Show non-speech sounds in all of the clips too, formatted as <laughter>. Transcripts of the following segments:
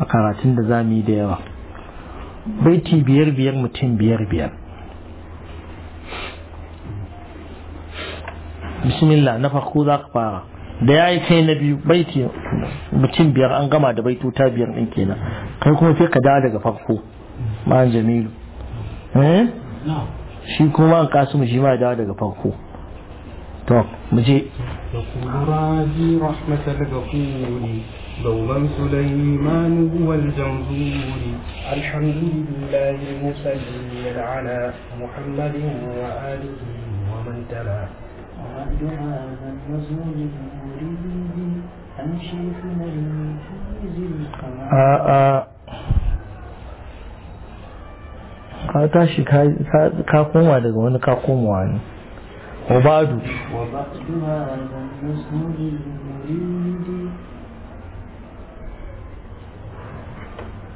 a karatun da za mu yi da yawa baiti biyar biyar mutum biyar biyar bismillah na farko za ka fara da ya yi kai na biyu baiti mutum biyar an gama da ta biyar ɗin kenan kai kuma sai ka dawo daga farko ma'an jamilu eh? shi kuma an kasu shi ma dawo daga farko to mu je دوما سليمان هو الجنزور الحمد لله المسلم على محمد وآله ومن تلا وعد هذا الرسول مريد أمشي في نجمي القمر ka tashi ka koma daga wani ka koma wani wabadu wabadu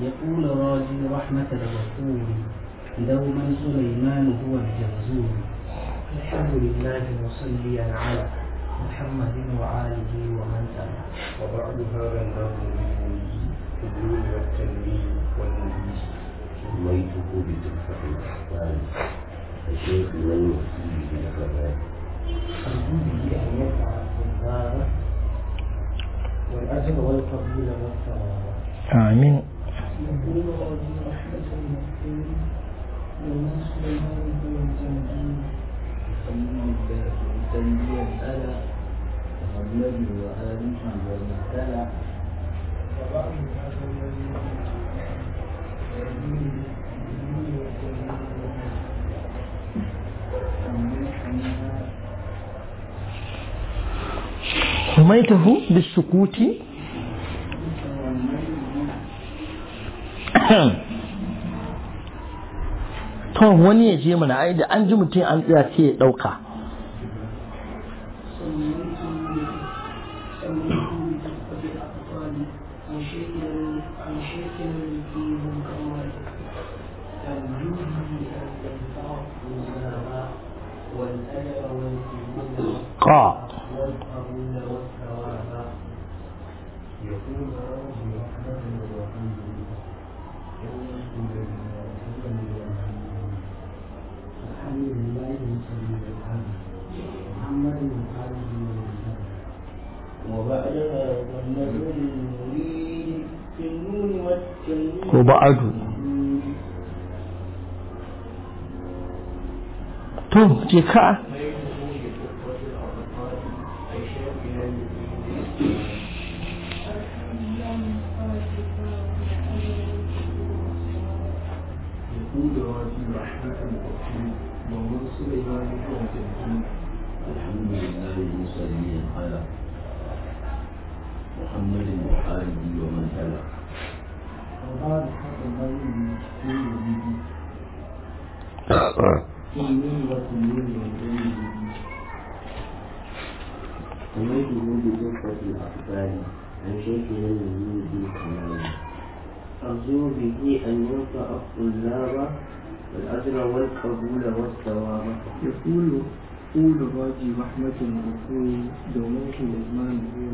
يقول راجي رحمة الغفور دوما سليمان هو الجرزور الحمد لله مصليا على محمد وآله ومن تلا وبعد هذا النام بالتدوين والتنبيه والنبي سميته بتحفة الأحكام الشيخ من يهديه بالغباء أرجو به أن في النار والأجر والقبول والثواب آمين سميته بالسكوت <coughs> to wani ya je mana ai da an ji mutum an tsaya sai ya ɗauka ko ba adu to je الكلام عن شيخ ينهي بالكلام أرجو به أن ينفع الطلاب الأجر والقبول والثواب يقول قول باجي رحمة الغفور دومات الإيمان هو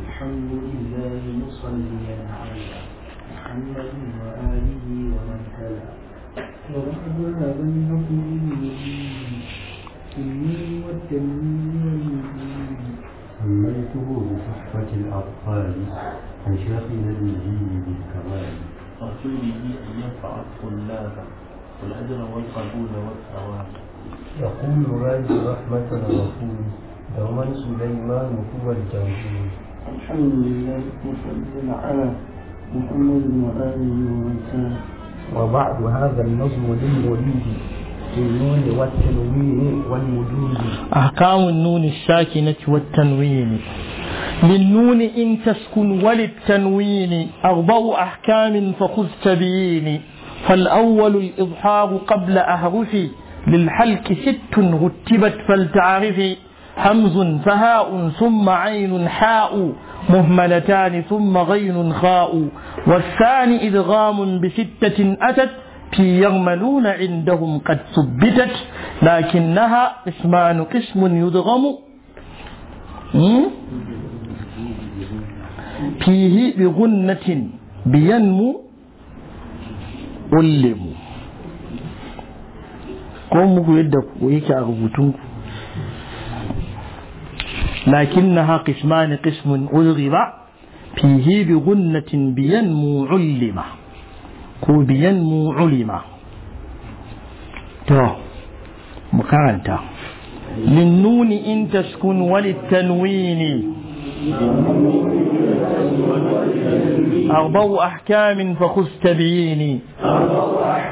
الحمد الحمد لله مصليا على محمد وآله ومن تلا ورحمة هذا في النور والتنوير والمجيد سميته بصحبة الأطفال أن الدين الجيل بالكمال أرجوني أن ينفع الطلاب والأجر والقبول والثواب يقول راجل رحمة الرسول دوما سليمان هو الجمهور الحمد لله مصليا على محمد وآله ومن وبعد هذا النظم للمريد بالنون والتنوين والمدود أحكام النون الساكنة والتنوين للنون إن تسكن وللتنوين أربع أحكام فخذ تبيين فالأول الإظهار قبل أهرف للحلك ست رتبت فلتعرفي حمز فهاء ثم عين حاء مهملتان ثم غين خاء والثاني إدغام بستة أتت في يغملون عندهم قد ثبتت لكنها اسمان قسم يدغم فيه بغنة بينمو علموا قوم muku ويك yake لكنها قسمان قسم أذغب فيه بغنة بينمو علمه ko biyanmu ulima to مقارنة للنون إن تسكن وللتنوين أربع أحكام فخذ تبييني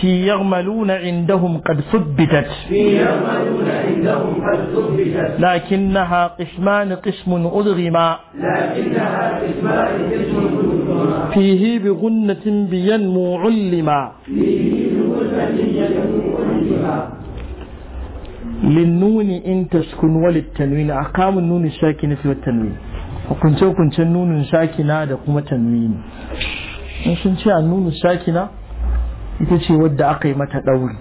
في يغملون عندهم قد ثبتت لكنها قسمان قسم أدغما فيه بغنة بينمو علما للنون إن تسكن وللتنوين أقام النون الساكنة والتنوين وكنت وكنت النون الساكنة دقوم تنوين in sun النون الساكنة ita ce wadda aka yi mata dauri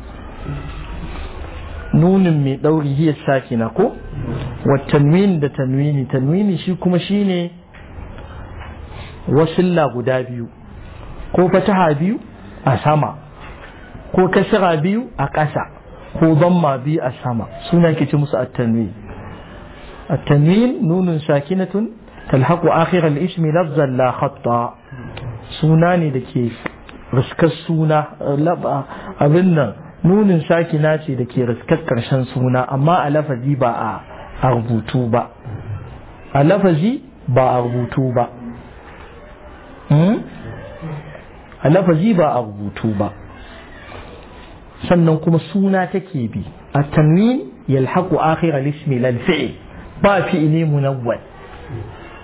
nunin mai ɗauri hiya sakina ko wa tanwin da tanwini tanwini shi kuma shine wasilla guda biyu ko fataha biyu a sama ko kasira biyu a kasa ko zamma biyu a sama suna ke ci musu at-tanwin at-tanwin nunun sakinatun تلحق آخر الاسم لفظا لا خطا سناني دكي raskar suna laba abin nan nunin sakina ce da ke raskar karshen suna amma a lafazi ba a rubutu ba a lafazi ba a rubutu ba a lafazi ba a rubutu ba sannan kuma suna take bi a tanwin yalhaku akhir al-ismi lal fi'l ba fi ilimu nawwal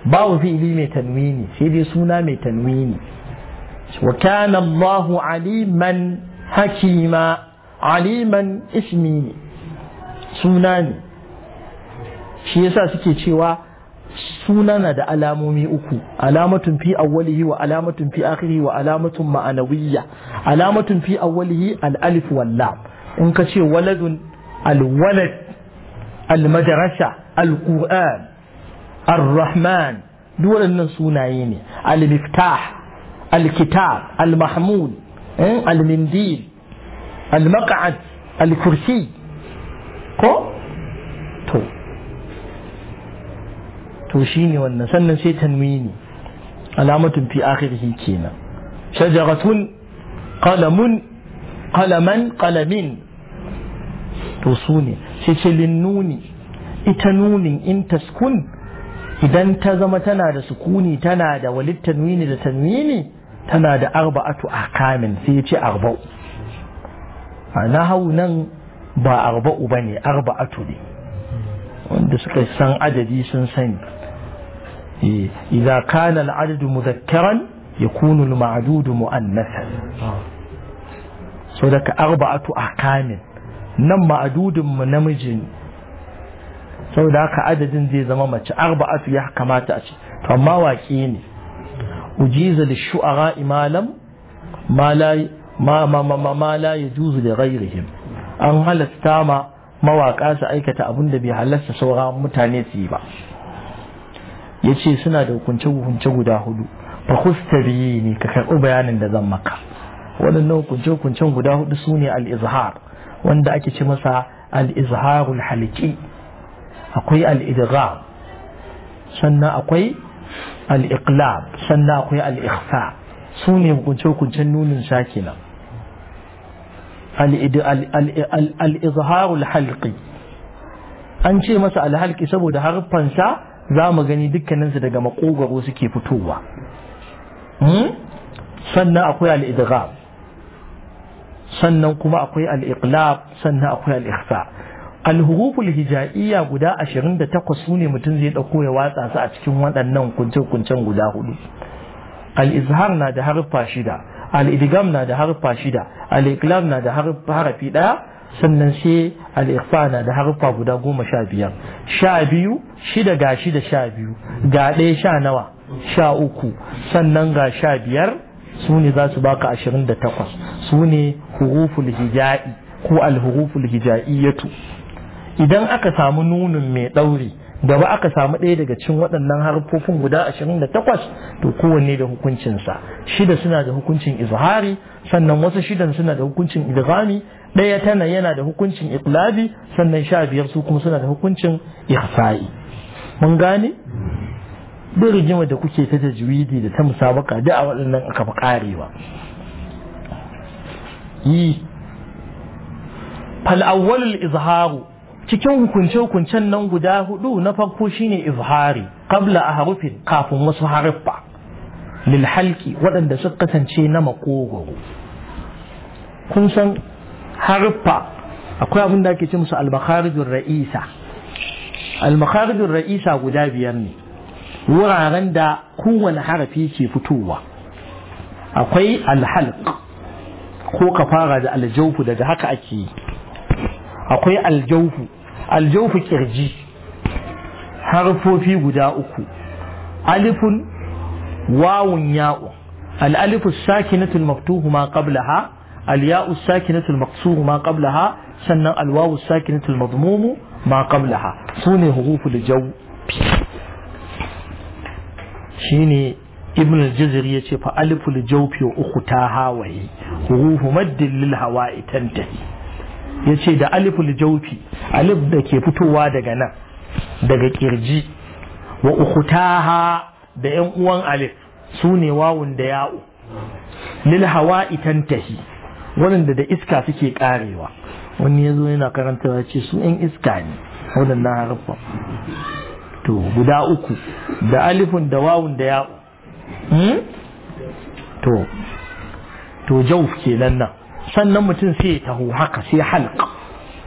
ba fi ilimi tanwini sai dai suna mai tanwini وكان الله عليما حكيما عليما اسمي سناني شيء سأسكي شوى سنانا دا ألامومي أكو علامة في أوله وعلامة في آخره وعلامة معنوية علامة في أوله الألف واللام إنك شيء ولد الولد المدرسة القرآن الرحمن دول النصوناين المفتاح الكتاب المحمود اه؟ المنديل المقعد الكرسي كو تو توشيني وانا سنة شيء تنويني علامة في آخره كينا شجرة قلم قلما قلم توصوني شيء للنوني itanuni in taskun idan ta zama tana da sukuni tana da tana da arba'atu a ahkamin sai ya ce arba'u na hau nan ba arba'u ba ne arba'atu ne wanda suka san adadi sun sani eh, idza kana al-adad mudhakkaran yakunu al-ma'dud mu'annathan so daga arba'atu ahkamin nan ma'adudin mu namiji saboda haka adadin zai zama mace arba'atu ya kamata a ce to amma waƙi ne ujiza da shu'ara imalam ma da ghairihim an halatta ma mawaƙa su aikata abun da bai halarta sauran mutane su ba ya ce suna da hukunce-hukunce guda hudu fa kustari ne ka karɓi bayanin da zan maka waɗannan hukunce-hukuncen guda hudu su ne al-izhar wanda ake ci masa al-izharul haliki akwai al-idgham sannan akwai al-iqlab sannan akwai al su ne hukunce-hukuncen nunin sha kenan al-izharul an ce masa al saboda harfansa za mu gani dukkaninsu daga makogaro suke fitowa hmm? sannan akwai al sannan kuma akwai al-iqlab sannan akwai al alhuruful hija'iyya guda 28 su ne mutum zai ɗauko ya watsa su a cikin waɗannan kuncin kuncin guda hudu al-izhar na da harfa shida al-idgham na da harfa shida al-iqlam na da harafi ɗaya sannan sai al-ikhfa na da harfa guda goma sha biyar sha biyu shida ga shida sha biyu ga ɗaya sha nawa sha uku sannan ga sha biyar su ne za su baka ashirin da takwas su ne huruful hija'i ko al-huruful hija'iyatu idan aka samu nunin mai ɗauri gaba aka samu ɗaya daga cikin waɗannan harfofin guda ashirin da takwas to kowanne da hukuncinsa shida suna da hukuncin izhari sannan wasu shidan suna da hukuncin idghami ɗaya tana yana da hukuncin iqlabi sannan sha biyar su kuma suna da hukuncin ihsa'i mun gane duk rigima da kuke ta tajwidi da ta musabaka da a waɗannan aka fi ƙarewa yi fal awwalul izharu cikin hukunce-hukuncen nan guda hudu na farko shine izhari qabla a harufin kafin wasu haruffa lil halki waɗanda suka kasance na makogoro kun san haruffa akwai abin da ake ce musu almakharijin ra'isa almakharijin ra'isa guda biyar ne wuraren da kowane harafi ke fitowa akwai alhalq ko ka fara da aljawfu daga haka ake yi akwai aljaufu aljaufu kirji harfofi guda uku alifun wawun ya'u al'alifu sakinatul maftuhu ma qablaha الياء الساكنة المقصور ما قبلها سنة الواو الساكنة المضموم ما قبلها سوني حروف الجو شيني ابن الجزري يتشف ألف الجوف وأختها وهي حروف مد للهواء تنتهي ya ce da aliful jaufi alif da ke fitowa daga nan daga kirji wa ukutaha da yan uwan alif su ne wawun da ya'u lil hawa'i tantahi waɗanda da iska suke karewa wani ya zo yana karanta ya ce su yan iska ne waɗannan haraffa to guda uku da alifun da wawun da ya'u hmm? to to jauf kenan nan sannan mutum sai ya taho haka sai halka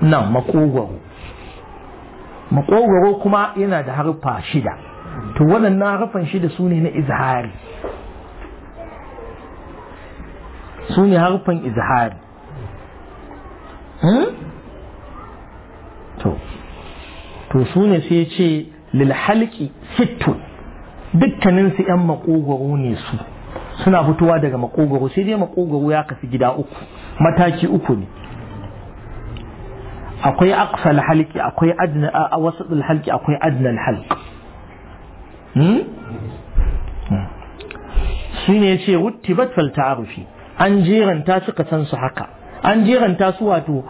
nan makogoro makogoro kuma yana da harfa shida to waɗannan harfan shida su ne na izhari su ne harfan izhari hmm? to su ne sai ce lilhalki sittun dukkaninsu 'yan makogoro ne su suna fitowa daga makogoro sai dai makogoro ya kasu gida uku mataki uku ne akwai aqsal halki akwai adna a wasatul halki akwai adnal halq hmm shine yace wuttibat fal ta'arufi an jiranta suka san su haka an jiranta su wato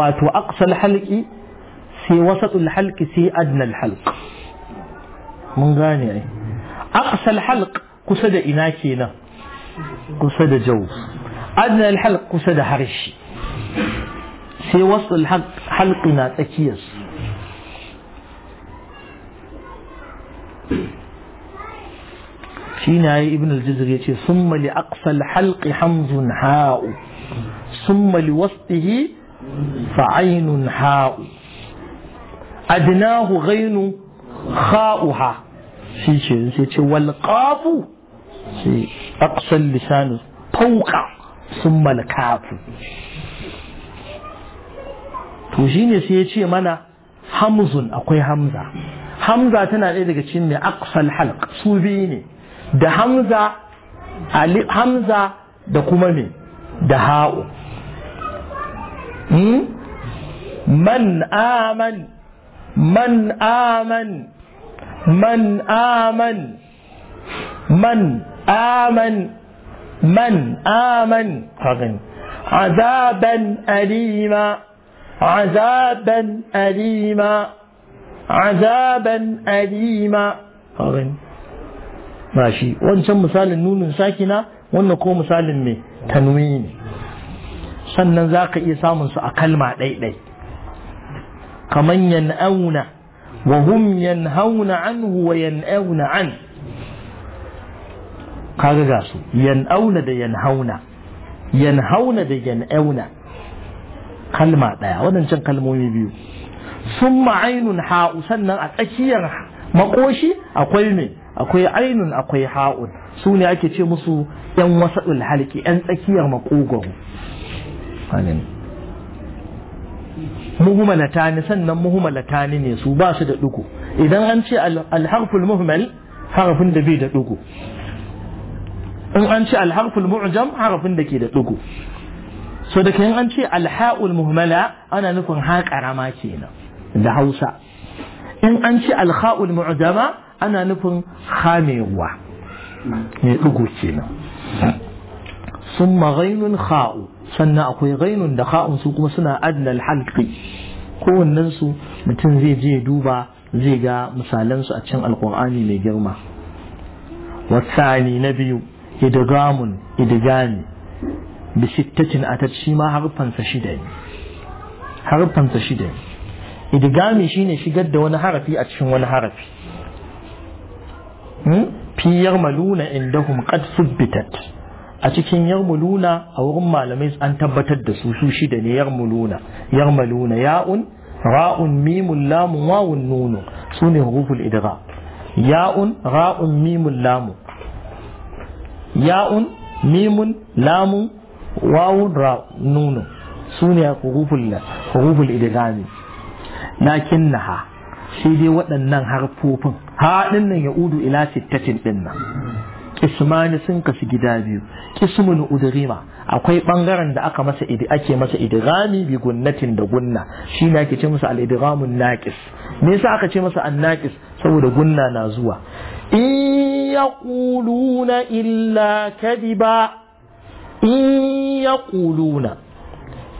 wato aqsal halki sai wasatul halki sai adnal halq mun gane ai aqsal halq kusa da ina kenan kusa da jaws adna alhalq kusa da harshe sai wasu halqi na tsakiyarsu shine yayi ibn al-jizr yace summa li aqsa al-halqi hamzun ha'u summa li wasfihi fa'ainun ha'u adnahu ghainu kha'uha shi ce sai ce wal qafu sai aqsa al-lisan fawqa sun malkafu to shi ne sai ya ce mana hamzun akwai hamza hamza tana ɗaya daga cikin mai aksal Halk? su biyu ne da hamza ali hamza da kuma me da ha'u hmm? man aman man aman man aman man aman من آمن خغن عذابا أليما عذابا أليما عذابا أليما خغن ماشي وانسان مثال النون ساكنة ونكو مثال مي تنوين sannan za ka iya samun su a kalma ɗaiɗai kamar yan auna wa hum kaga ga su yan auna da yan yan hauna da yan auna kalma ɗaya waɗancan kalmomi biyu sun ma'ainun ha'u sannan a tsakiyar makoshi akwai ne akwai ainun akwai ha'un su ne ake ce musu yan wasaɗul halki yan tsakiyar makogoro muhumalatani sannan muhmalatani ne su ba su da ɗugu idan an ce alharful muhmal harafin da bai da ɗugu in an ce alharful mu'jam harafin da ke da ɗigo so da kan an ce alha'ul muhmala ana nufin ha karama kenan da hausa in an ce alha'ul mu'jama ana nufin khamewa mai ruwa kenan sun maghainun kha'u sannan akwai ghainun da kha'un su kuma suna adnal halki su mutum zai je duba zai ga misalansu a cikin alkur'ani mai girma wasani na biyu idgamun idgami bi sittatin atat shi ma harfansa shida ne harfansa shida ne idgami shine shigar da wani harafi a cikin wani harafi hmm? fi yarmaluna indahum qad subbitat a cikin yarmuluna a wurin malamai an tabbatar da su su shida ne yarmuluna yarmaluna ya'un ra'un mimun lamun wawun nunu su huruful idgham ya'un ra'un mimun lamun ya'un mimun lamun wawun ra nunu su ne huruful idgami lakin ha sai dai waɗannan harfofin haɗin nan ya udu ila sittatin ɗin nan ismani sun kasu gida biyu ismun udrima akwai ɓangaren da aka masa idi ake masa idghami bi gunnatin da gunna shi ne ake ce masa al idghamun naqis me yasa aka ce masa an naqis saboda gunna na zuwa إن يقولون إلا كذبا إن يقولون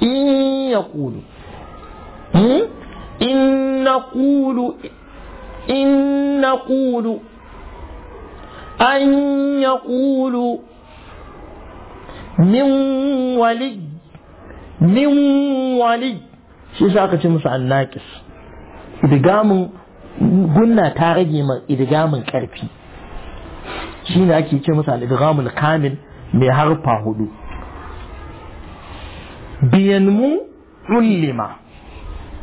إن يقول إن نقول إن نقول أن يقول من ولي من ولي shi sa aka ce musu annakis gunna ta rage ma idgamin karfi Shi shine ake ce masa al kamil mai harfa hudu biyan mu ulima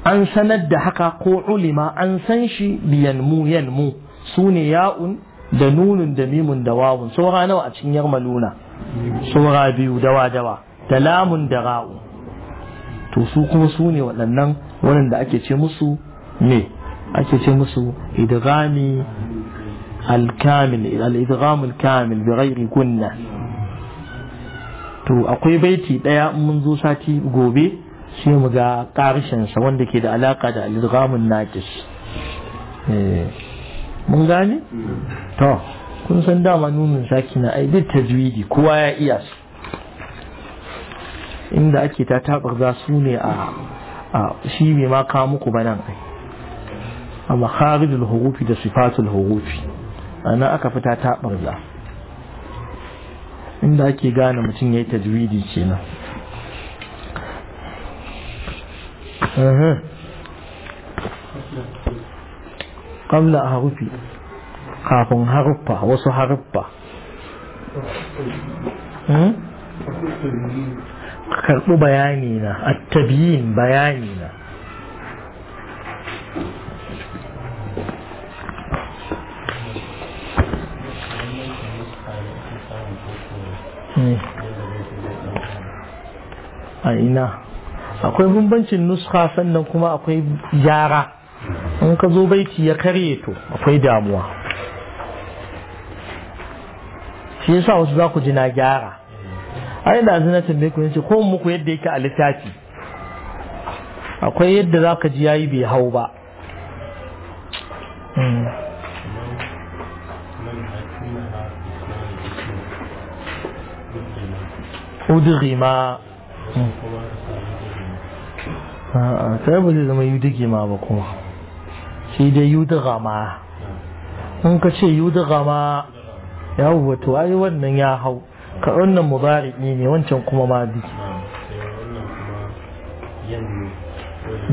an sanar da haka ko ulima an san shi biyan mu yan mu su ne ya'un da nunun da mimun da wawun saura nawa a cikin yarmaluna saura biyu dawa dawa da lamun da ra'u to su kuma su ne waɗannan waɗanda ake ce musu ne. ake ce musu idgami al-kamil al kamil bi kunna to akwai baiti daya mun zo sati gobe sai mu ga karshen sa wanda ke da alaka da al idgam an eh, mun gane to kun san dama nunin saki na ai tajwidi kowa ya iya su inda ake ta tabar za su ne a shi bai ma kawo muku ba nan ai a makharijul hurufi da sifatul hurufi ana aka fita ta barza inda ake gane mutum ya yi tajwidi kenan ƙamla a harufi kafin haruffa wasu haruffa hmm? karɓi bayani na attabiyin bayani na a ina akwai bambancin nuska sannan kuma akwai gyara in ka zo baiti ya karye to akwai damuwa shi yasa wasu za ku ji na gyara a yadda zina tambaye ku ce ko muku yadda yake a littafi akwai yadda za ka ji yayi bai hau ba hmm. udghima a'a sai ba zai zama yudige ma ba kuma shi dai yudiga ma in ka ce yudiga ma ya wato ai wannan ya hau ka wannan mubariki ne wancan kuma ma bi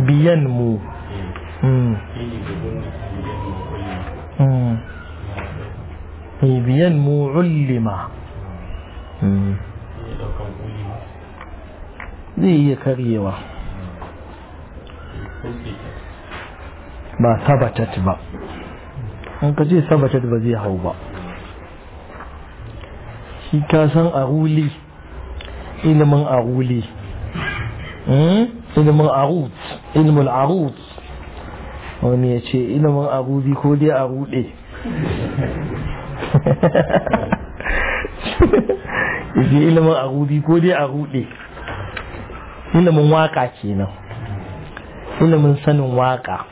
biyan mu hmm. Hmm. Eh, biyan mu ullima hmm. zai iya karyewa ba sabatat ba an ka ce sabatat ba zai hau ba shi ka san huli ilimin huli hmm? ilimin arut ilimin arut wani ya ce ilimin arubi ko dai a rude <laughs> ilimin arubi ko dai a rude ilimin waka kenan ilimin sanin waƙa